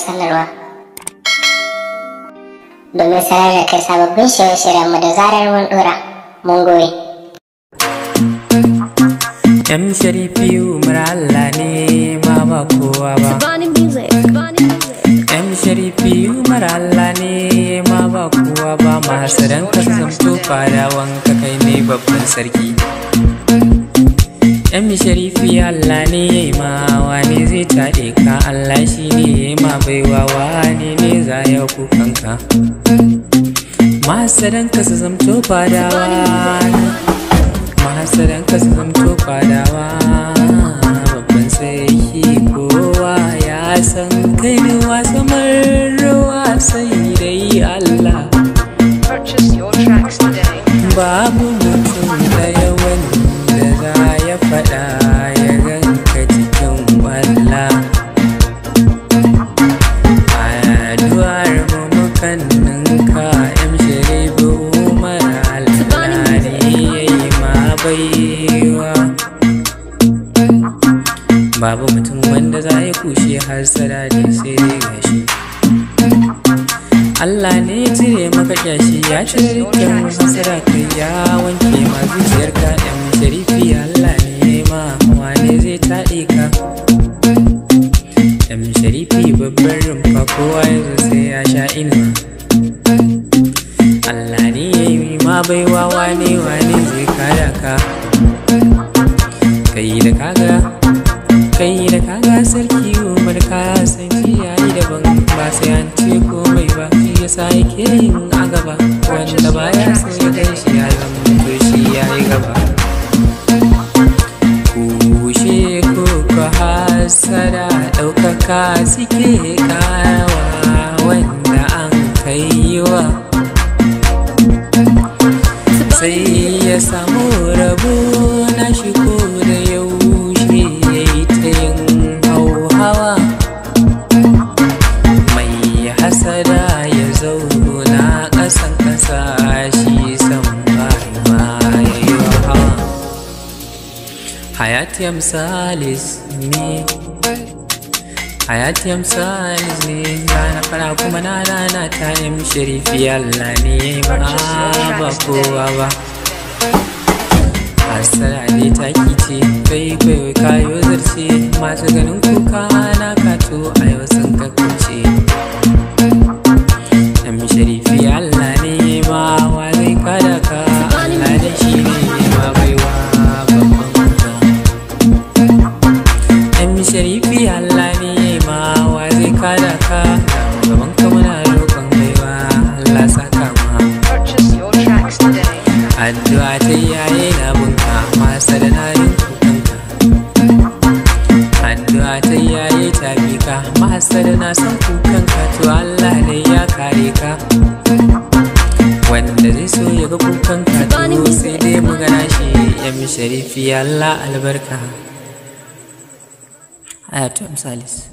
sanarwa domin sanar da kai sababbin shirye-shiryenmu da zarar mun dora mun goyi. Yan sharifi umar Allah ne ba ba kowa ba. Yan sharifi umar Allah ne ma ba kowa ba masu ranka sun tufa da wanka kai ne babban sarki. Yan sharifi Allah ne ya yi ma wani zai taɗe ka Allah shi ne ya yi ma baiwa wani ne za ya kukanka. Mahasadanka su zamto fadawa Mahasadanka su zamto fadawa Babban sarki kowa ya san kai ne wasan ruwa sai dai Allah Purchase your tracks today. Babu baiwa babu mutum wanda za ya kushe har sarari sai dai gashi Allah ne ya cire maka kyashi ya cire dukkan masara kai ya wanke ma zuciyar ka ɗan sharifi Allah ne ya yi ma wane zai taɗe ka ɗan sharifi babban rumfa kowa ya sai ya sha ina Allah ne ya yi ma baiwa wane wane zai kai da kaga kai da kaga sarki umar kaya san jiya daban ba sai an ce komai ba shi sa yake yin a gaba wanda baya so ya kai shi ya zama shi ya yi gaba kushe ko ka hasara ɗaukaka suke kawa sa shi san ma hayati ya misalis ne hayati ya misalis na fara kuma na rana ta yi sharifi Allah ne ba kowa ba Asara ne ta kice kai kai kayo zarce masu ganin kuka na kato a yau sun Allah ni ma wa zai kada ka gaban ka muna roƙon gaiwa Allah saka ma addu'a ta yaye na bunka masa da narin kukanka addu'a ta yaye ta bi ka masa da na san kukanka to Allah ne ya kare ka wanda zai so ya ga kukan to sai dai magana shi 'yan mi sharifi Allah albarka I am Salis.